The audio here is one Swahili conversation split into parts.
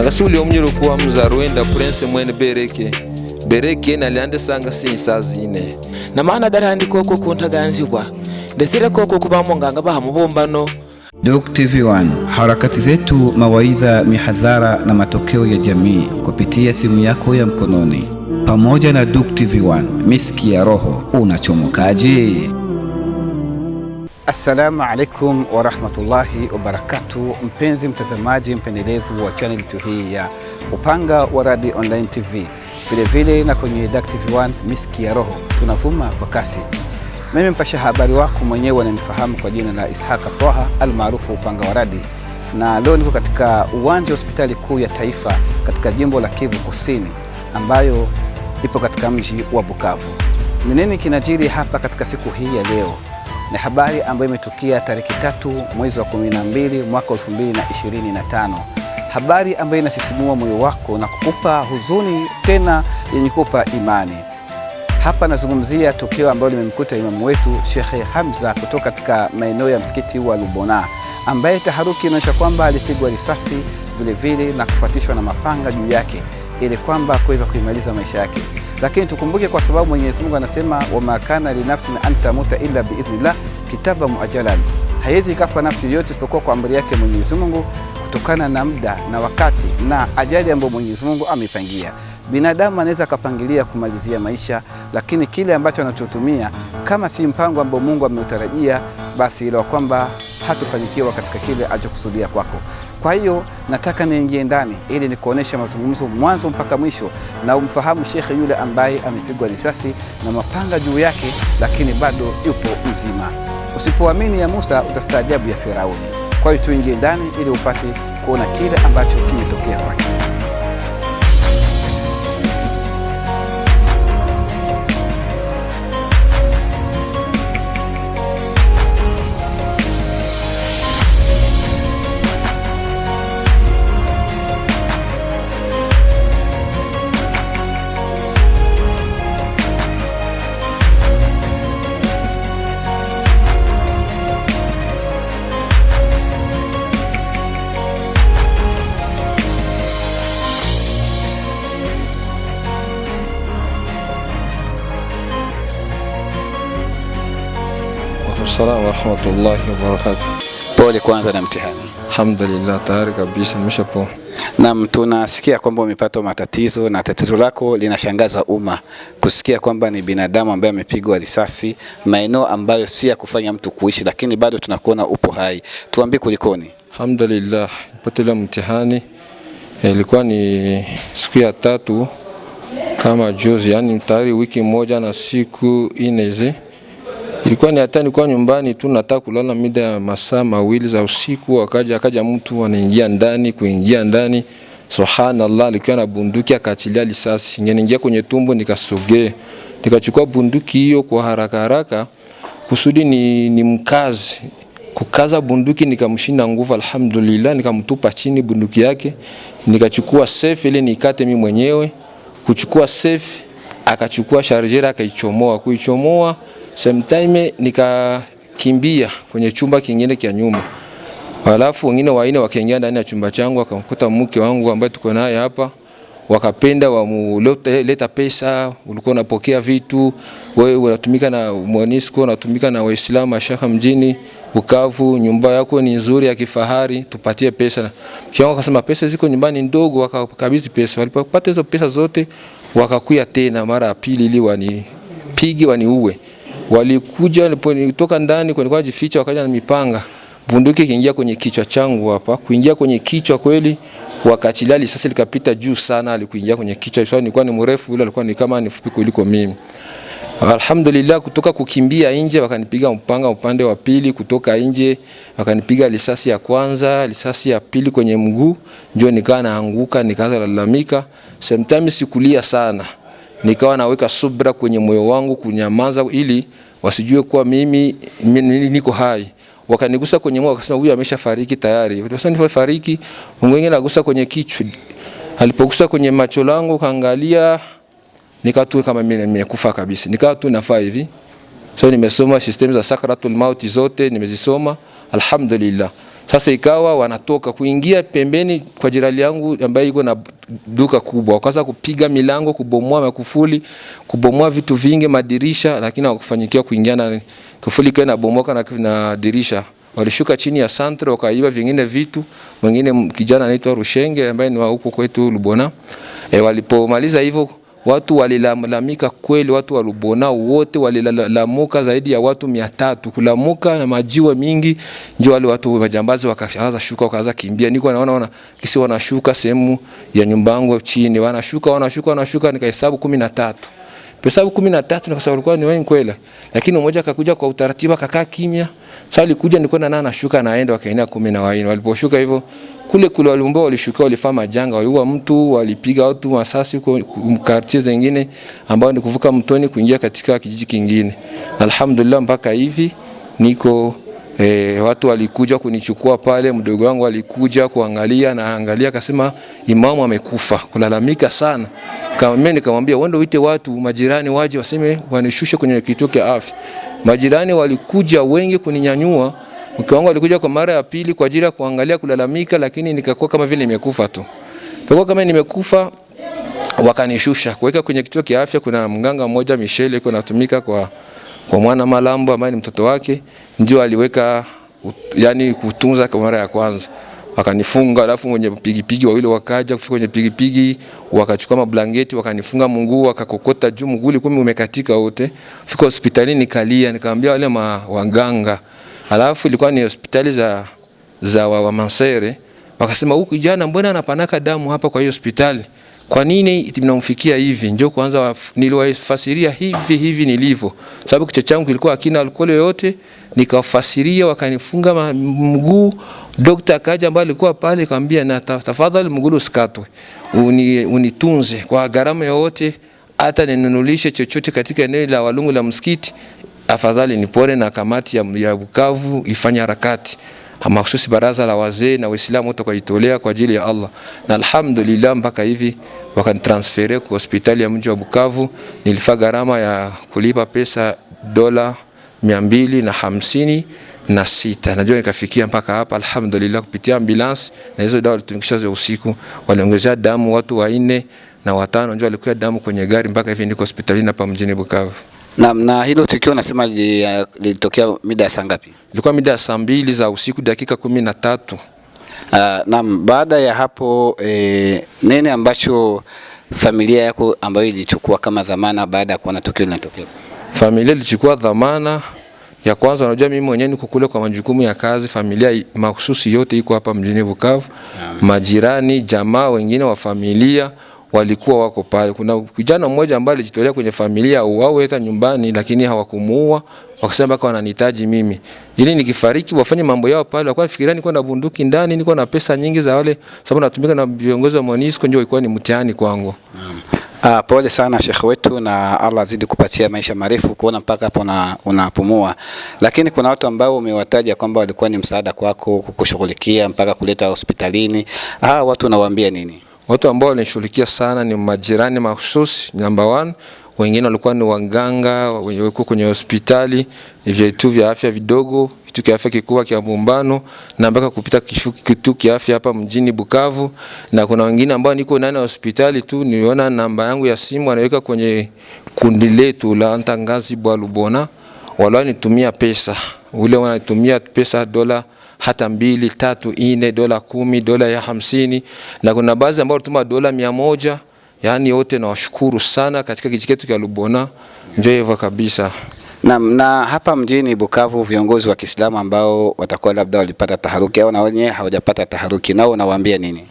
nagasuli omnyiro mza ruenda prince mwene bereke bereke naliande sanga sinsa zine na maana handi koko kuntaganzirwa ndesire koko kubamo nganga baha mubumbano TV1 harakati zetu, mawaidha, mihadhara na matokeo ya jamii kupitia simu yako ya mkononi pamoja na Duc TV1. Miski ya roho unachomokaje? Assalamu alaikum warahmatullahi wabarakatu, mpenzi mtazamaji mpendelevu wa channel tu hii ya Upanga wa Radi Online TV, vilevile na kwenye Dak TV 1 Miski ya Roho, tunavuma kwa kasi. Mimi mpasha habari wako mwenyewe ananifahamu kwa jina la Ishaka Twaha almaarufu Upanga wa Radi, na leo niko katika uwanja wa hospitali kuu ya taifa katika jimbo la Kivu Kusini ambayo ipo katika mji wa Bukavu. Ni nini kinajiri hapa katika siku hii ya leo? Ni habari ambayo imetukia tarehe tatu mwezi wa 12 mwaka 2025, habari ambayo inasisimua moyo wako na kukupa huzuni tena yenye kupa imani. Hapa nazungumzia tukio ambalo limemkuta imamu wetu Shekhe Hamza kutoka katika maeneo ya msikiti wa Lubona, ambaye taharuki inaonyesha kwamba alipigwa risasi vilevile na kufuatishwa na mapanga juu yake ili kwamba kuweza kuimaliza maisha yake lakini tukumbuke, kwa sababu Mwenyezi Mungu anasema wamakana linafsin antamuta illa biidhnillah kitaba muajalan, haiwezi ikafa nafsi yoyote isipokuwa kwa amri yake Mwenyezi Mungu, kutokana na muda na wakati na ajali ambayo Mwenyezi Mungu ameipangia. Binadamu anaweza akapangilia kumalizia maisha, lakini kile ambacho anachotumia kama si mpango ambao Mungu ameutarajia, basi ilo kwamba hatofanikiwa katika kile alichokusudia kwako. Kwa hiyo nataka niingie ndani ili nikuonyesha mazungumzo mwanzo mpaka mwisho, na umfahamu shekhe yule ambaye amepigwa risasi na mapanga juu yake, lakini bado yupo mzima. Usipoamini ya Musa utastaajabu ya Firauni. Kwa hiyo tuingie ndani ili upate kuona kile ambacho kimetokea kwake. warahmatullahi wabarakatuh. Pole kwanza na mtihani. Alhamdulillah, tayari kabisa nimeshapo. Naam, tunasikia kwamba umepata matatizo na tatizo lako linashangaza umma kusikia kwamba ni binadamu ambaye amepigwa risasi maeneo ambayo si ya kufanya mtu kuishi, lakini bado tunakuona upo hai. Tuambie kulikoni? Alhamdulillah, nilipotela mtihani eh, ilikuwa ni siku ya tatu kama juzi, yani tayari wiki moja na siku nne Ilikuwa ni hata kwa nyumbani tu nataka kulala mida ya masaa mawili za usiku, akaja akaja mtu anaingia ndani kuingia ndani. Subhanallah, alikuwa na bunduki akaachilia risasi. Ningeingia kwenye tumbo nikasogea. Nikachukua bunduki hiyo kwa haraka haraka kusudi ni, ni mkazi kukaza bunduki nikamshinda nguvu, alhamdulillah, nikamtupa chini bunduki yake. Nikachukua safe ile nikate mimi mwenyewe, kuchukua safe akachukua sharjera akaichomoa, kuichomoa sometime nikakimbia kwenye chumba kingine kia nyuma, alafu wengine waine wakaingia ndani ya chumba changu wakakuta mke wangu ambaye tuko naye hapa wakapenda wamuleta pesa, ulikuwa unapokea vitu wewe, unatumika na Monisco, unatumika na Waislamu mashaka mjini Bukavu, nyumba yako ni nzuri ya kifahari, tupatie pesa. Kisha akasema pesa ziko nyumbani ndogo, wakakabidhi pesa. Walipopata hizo pesa zote, wakakuya tena mara ya pili ili wanipige waniue. Walikuja nilipotoka ndani kwa nilikuwa jificha, wakaja na mipanga, bunduki ikaingia kwenye kichwa changu hapa, kuingia kwenye kichwa kweli, wakati lali sasa likapita juu sana, alikuingia kwenye kichwa, sababu nilikuwa ni mrefu, yule alikuwa ni kama ni fupi kuliko mimi. Alhamdulillah, kutoka kukimbia nje wakanipiga mpanga upande wa pili, kutoka nje wakanipiga risasi ya kwanza, risasi ya pili kwenye mguu, ndio nikaa naanguka, nikaanza kulalamika. Sometimes sikulia sana nikawa naweka subra kwenye moyo wangu kunyamaza, ili wasijue kuwa mimi, niko hai. Wakanigusa kwenye moyo, wakasema huyu ameshafariki tayari. Wakasema Mwingine anagusa kwenye kichwa, alipogusa kwenye macho langu kaangalia, nikawa tu kama mimi nimekufa kabisa, nikawa tu nafaa hivi. So nimesoma system za sakaratul mauti zote nimezisoma, alhamdulillah. Sasa ikawa wanatoka kuingia pembeni kwa jirani yangu ambaye yuko na duka kubwa, wakaanza kupiga milango, kubomoa makufuli, kubomoa vitu vingi, madirisha, lakini hawakufanyikiwa kuingia na kufuli kwa inabomoka na, na dirisha. Walishuka chini ya santre wakaiba vingine vitu. Mwingine kijana anaitwa Rushenge ambaye ni wa huko kwetu Lubona. E, walipomaliza hivyo watu walilalamika kweli, watu wa Lubona wote walilalamuka, zaidi ya watu mia tatu kulamuka na majiwe mingi, ndio wale watu wajambazi wakaanza shuka, wakaanza kimbia. Niko naona wana kisi wanashuka sehemu ya nyumbangu chini, wanashuka wanashuka wanashuka, nikahesabu kumi na tatu pesa kumi na tatu, kwa sababu walikuwa ni wengi kweli, lakini mmoja akakuja kwa utaratibu akakaa kimya. Sasa alikuja, nilikuwa na nana shuka naenda, wakaenea kumi na wanne waliposhuka hivyo kule kule waliumbao walishukia, walifanya majanga, waliua mtu, walipiga watu masasi mkartie zingine, ambao ni kuvuka mtoni kuingia katika kijiji kingine. Alhamdulillah, mpaka hivi niko E, watu walikuja kunichukua pale, mdogo wangu alikuja kuangalia na angalia, akasema imamu amekufa, kulalamika sana. Kama nikamwambia wende uite watu majirani waje waseme wanishushe kwenye kituo cha afya. Majirani walikuja wengi kuninyanyua. Mke wangu alikuja kwa mara ya pili kwa ajili ya kuangalia kulalamika, lakini nikakuwa kama vile nimekufa tu. Nikakuwa kama nimekufa, wakanishusha kuweka kwenye kituo cha afya. Kuna mganga mmoja Michelle yuko anatumika kwa kwa mwana Malambo ambaye ni mtoto wake, ndio aliweka yani kutunza kwa mara ya kwanza wakanifunga alafu mwenye pigipigi wawili wakaja kufika kwenye pigipigi wakachukua mablangeti wakanifunga mguu wakakokota juu mguu ulikuwa umekatika wote. Fika hospitalini nikalia, nikamwambia wale waganga Halafu ilikuwa ni hospitali za, za wa, wa Mansere, wakasema, huyu kijana mbona anapanaka damu hapa kwa hiyo hospitali, kwa nini mnamfikia hivi? Njoo kwanza, niliwafasiria hivi hivi nilivyo, sababu kichwa changu kilikuwa hakina alkoholi yoyote. Nikawafasiria, wakanifunga mguu. Daktari akaja ambaye alikuwa pale, akamwambia na tafadhali, mguu usikatwe, uni, unitunze kwa gharama yoyote, hata ninunulishe chochote katika eneo la Walungu la msikiti afadhali ni pole na kamati ya, ya Bukavu ifanye harakati mahususi baraza la wazee na Waislamu wote kujitolea kwa ajili ya Allah, na alhamdulillah mpaka hivi wakanitransfere kwa hospitali ya mji wa Bukavu. Nilifa gharama ya kulipa pesa dola mia mbili na hamsini na sita najua nikafikia mpaka hapa alhamdulillah, kupitia ambulance na hizo dawa walitumikisha za usiku, waliongezea damu watu wanne na watano, ndio walikuwa damu kwenye gari. Mpaka hivi niko hospitalini hapa mjini Bukavu. Na, na hilo tukio nasema lilitokea li, mida ya saa ngapi? Ilikuwa mida ya saa mbili za usiku dakika kumi na tatu. Uh, ah, na baada ya hapo eh, nini ambacho familia yako ambayo ilichukua kama dhamana baada ya kuona tukio linatokea? Familia ilichukua dhamana ya kwanza, unajua mimi mwenyewe niko kule kwa majukumu ya kazi. Familia mahususi yote iko hapa mjini Bukavu, majirani, jamaa wengine wa familia walikuwa wako pale. Kuna kijana mmoja ambaye alijitolea kwenye familia auawe hata nyumbani, lakini hawakumuua, wakasema kwa wananihitaji mimi ili nikifariki wafanye mambo yao pale. Walikuwa nafikiria niko na bunduki ndani, niko na pesa nyingi za wale, sababu natumika na viongozi wa Monisco, ndio ilikuwa ni mtihani kwangu. Ah, pole sana shekhe wetu, na Allah azidi kupatia maisha marefu, kuona mpaka hapo na unapumua. Lakini kuna watu ambao umewataja kwamba walikuwa ni msaada kwako, kukushughulikia mpaka kuleta hospitalini. Ah, watu unawaambia nini? Watu ambao walishughulikia sana ni majirani mahususi namba one, wengine walikuwa ni waganga wenye wako kwenye hospitali, vitu vya afya vidogo, kitu cha afya kikubwa cha Muungano na mpaka kupita kitu cha afya hapa mjini Bukavu. Na kuna wengine ambao niko ndani ya hospitali tu, niliona namba yangu ya simu anaweka kwenye kundi letu la Ntangazi Bwa Lubona, wala nitumia pesa ule wanatumia pesa dola hata mbili tatu ine dola kumi dola ya hamsini na kuna baadhi ambao tuma dola mia moja yaani yote nawashukuru sana katika kijiji chetu cha Lubona njo hivyo kabisa na, na hapa mjini Bukavu viongozi wa Kiislamu ambao watakuwa labda walipata taharuki au na wenye hawajapata taharuki nao unawaambia nini?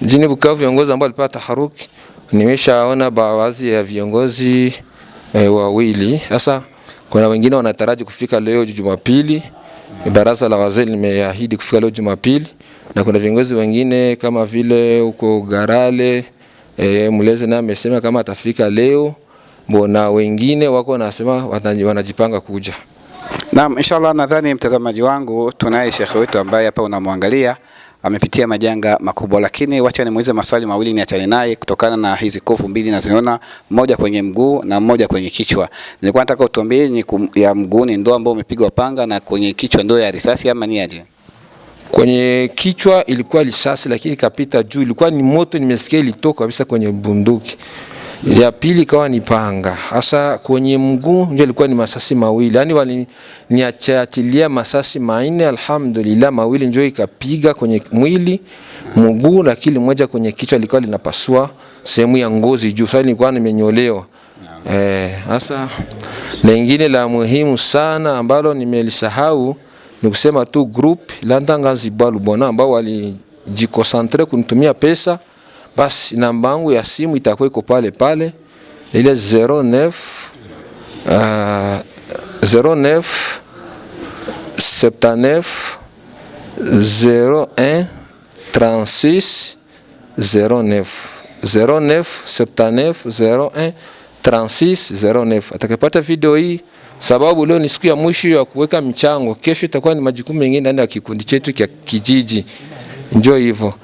Mjini Bukavu viongozi ambao walipata taharuki, nimeshaona baadhi ya viongozi e, wawili. Sasa kuna wengine wanataraji kufika leo Jumapili Baraza la wazee limeahidi kufika leo Jumapili, na kuna viongozi wengine kama vile huko Garale e, eh, Mleze naye amesema kama atafika leo mbona wengine wako wanasema wanajipanga kuja. Naam, inshallah nadhani mtazamaji wangu tunaye shekhe wetu ambaye hapa unamwangalia amepitia majanga makubwa, lakini wacha nimuulize maswali mawili niachane naye kutokana na hizi kovu mbili naziona, mmoja kwenye mguu na mmoja kwenye kichwa. Nilikuwa nataka utuambie, ni ya mguu ni ndoo ambayo umepigwa panga na kwenye kichwa ndoo ya risasi ama ni aje? Kwenye kichwa ilikuwa risasi, lakini ikapita juu, ilikuwa ni moto, nimesikia ilitoka kabisa kwenye bunduki ya pili ikawa ni panga. Hasa kwenye mguu ndio ilikuwa ni masasi mawili, yani waliniachatilia masasi manne, alhamdulillah, mawili ndio ikapiga kwenye mwili mguu, lakini moja kwenye kichwa likawa linapasua sehemu ya ngozi juu. Sasa nilikuwa nimenyolewa eh, hasa. lingine lengine la muhimu sana ambalo nimelisahau ni kusema tu group la Ndangazi Balubona ambao walijikosantre kunitumia pesa basi namba yangu ya simu itakuwa iko pale pale ile 09 uh, 09 79 09 09 09. Atakapata video hii, sababu leo ni siku ya mwisho ya kuweka mchango. Kesho itakuwa ni majukumu mengine ndani ya kikundi chetu cha kijiji, njo hivyo.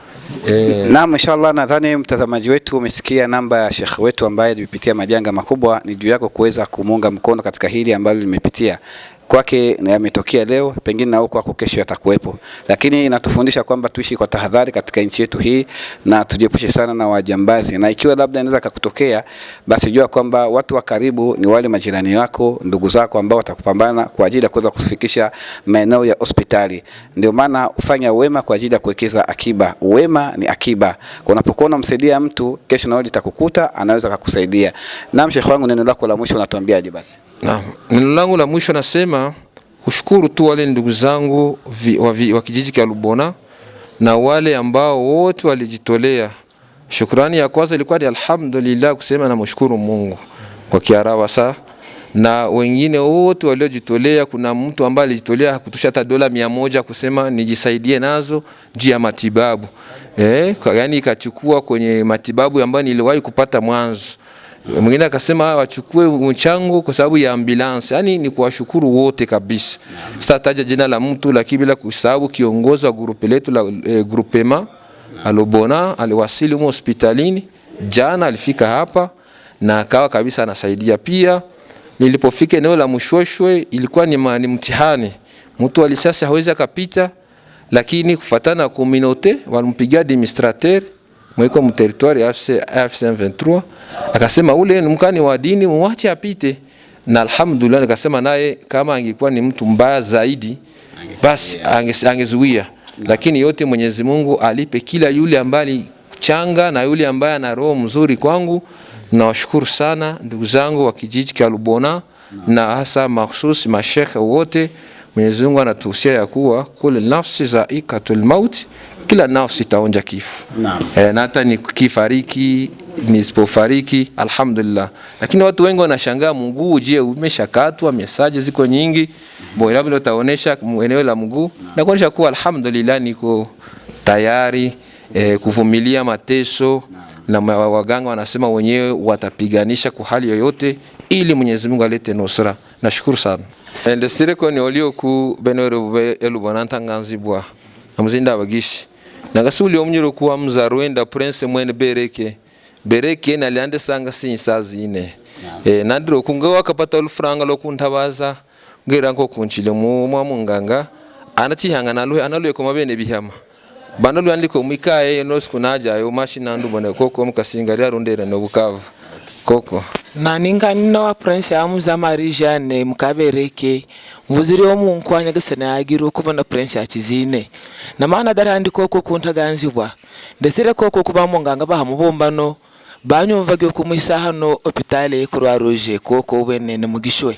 E. Eh. Naam, inshallah nadhani mtazamaji wetu umesikia namba ya shekhe wetu ambaye alipitia majanga makubwa, ni juu yako kuweza kumuunga mkono katika hili ambalo limepitia kwake yametokea leo, pengine na huko kwako kesho yatakuwepo, lakini inatufundisha kwamba tuishi kwa tahadhari katika nchi yetu hii na tujiepushe sana na wajambazi, na ikiwa labda inaweza kakutokea, basi jua kwamba watu wa karibu ni wale majirani wako, ndugu zako ambao watakupambana kwa ajili ya kuweza kufikisha maeneo ya hospitali. Ndio maana ufanya wema kwa ajili ya kuwekeza akiba. Wema ni akiba, unapokuwa unamsaidia mtu, kesho na wewe litakukuta, anaweza kakusaidia. Na mshehe wangu, neno lako la mwisho unatuambiaje? Basi naam, neno langu la mwisho nasema kushukuru tu wale ndugu zangu wa kijiji cha Lubona na wale ambao wote walijitolea. Shukrani ya kwanza ilikuwa ni alhamdulillah, kusema mshukuru Mungu kwa Kiarabu sa na wengine wote waliojitolea. Kuna mtu ambaye alijitolea hakutusha hata dola mia moja kusema nijisaidie nazo juu ya matibabu eh, yani ikachukua kwenye matibabu ambayo niliwahi kupata mwanzo. Mwingine akasema ah, wachukue mchango kwa sababu ya ambulance. Yani ni kuwashukuru wote kabisa. Sitataja jina la mtu, lakini bila kusahau kiongozi wa grupe letu la e, eh, grupema Alobona aliwasili mu hospitalini jana, alifika hapa na akawa kabisa anasaidia. Pia nilipofika eneo la Mshoshwe ilikuwa ni, ni mtihani, mtu alisasi hawezi akapita, lakini kufuatana na community walimpigia administrateur mwiko mteritori AFC/M23, akasema ule mkani wa dini muache apite, na alhamdulillah, nikasema naye kama angekuwa ni mtu mbaya zaidi basi angezuia, lakini yote Mwenyezi Mungu alipe kila yule ambaye changa na yule ambaye ana roho mzuri kwangu. Nawashukuru sana ndugu zangu wa kijiji cha Lubona na hasa mahususi mashekhe wote. Mwenyezi Mungu anatuhusia ya kuwa kule nafsi za ikatul maut kila nafsi itaonja kifo na hata e, nikifariki nisipofariki alhamdulillah. Lakini watu wengi wanashangaa mguu, je, umeshakatwa Mesaji ziko nyingi bo, labda utaonesha eneo la mguu na kuonesha kuwa alhamdulillah niko tayari e, kuvumilia mateso na waganga wanasema wenyewe watapiganisha kwa hali yoyote ili Mwenyezi Mungu alete nusra. Nashukuru sana endesire koni olioku beno elubonanta nganzibwa amuzinda abagishi nagasubuli omnyiro kuwa muzarwenda prince mwene bereke bereke naliande sanga sinyi sinyisazine e, eh, nandiro kunga wakapata olufaranga lokuntabaza ngera nko kunchile mu mwamunganga anachihanga naluhe analuhe koma bene bihama banda lwandiko mwikaye nosiku najayo mashinandu bone koko mukasinga lyarundere nobukava koko nina wa prince amuza amuzamarijane mukabereke mvuzire wo munkwanya gasana yagira okubona purensi yakiziine namaana daratandika okwokuntaganyizibwa ndesireko okwokubamu nganga baha mubumbano banyumvaga okumwisaha no opitale kurwa ruje kwokwo obwenene mugishwe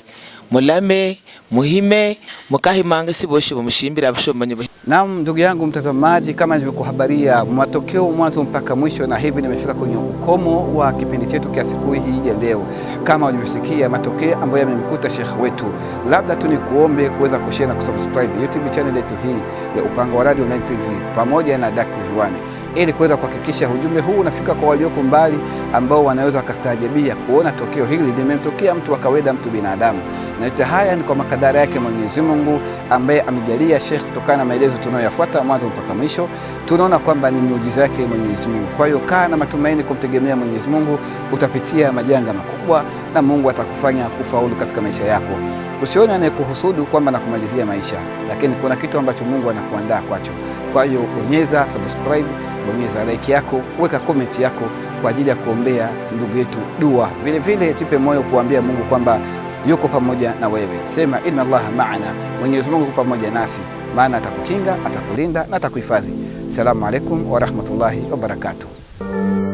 mulame, muhime, mukahimanga siboshi boshi bashomanyi nam ndugu yangu mtazamaji, kama nilivyokuhabaria matokeo mwanzo mpaka mwisho, na hivi nimefika kwenye ukomo wa kipindi chetu kia siku hii ya leo. Kama ulivyosikia matokeo ambayo yamemkuta shekhe wetu, labda tu nikuombe kuweza kushare na kusubscribe YouTube channel yetu hii ya Upanga wa Radio Online TV pamoja na Dak Viwani ili kuweza kuhakikisha ujumbe huu unafika kwa walioko mbali ambao wanaweza wakastaajabia kuona tokeo hili limemtokea mtu wa kawaida, mtu binadamu na yote haya ni kwa makadara yake Mwenyezi Mungu ambaye amejalia Sheikh. Kutokana na maelezo tunayoyafuata mwanzo mpaka mwisho, tunaona kwamba ni miujiza yake Mwenyezi Mungu. Kwa hiyo kaa na matumaini kumtegemea Mwenyezi Mungu, utapitia majanga makubwa na Mungu atakufanya kufaulu katika maisha yako. Usione anayekuhusudu kwamba nakumalizia maisha, lakini kuna kitu ambacho Mungu anakuandaa kwacho. Kwa hiyo bonyeza subscribe, bonyeza like yako, weka comment yako kwa ajili ya kuombea ndugu yetu dua. Vile vile tipe moyo kuambia Mungu kwamba yuko pamoja na wewe. Sema inna Allaha maana, Mwenyezi Mungu yuko pamoja nasi, maana atakukinga, atakulinda na atakuhifadhi. Salamu alaikum warahmatullahi wabarakatuh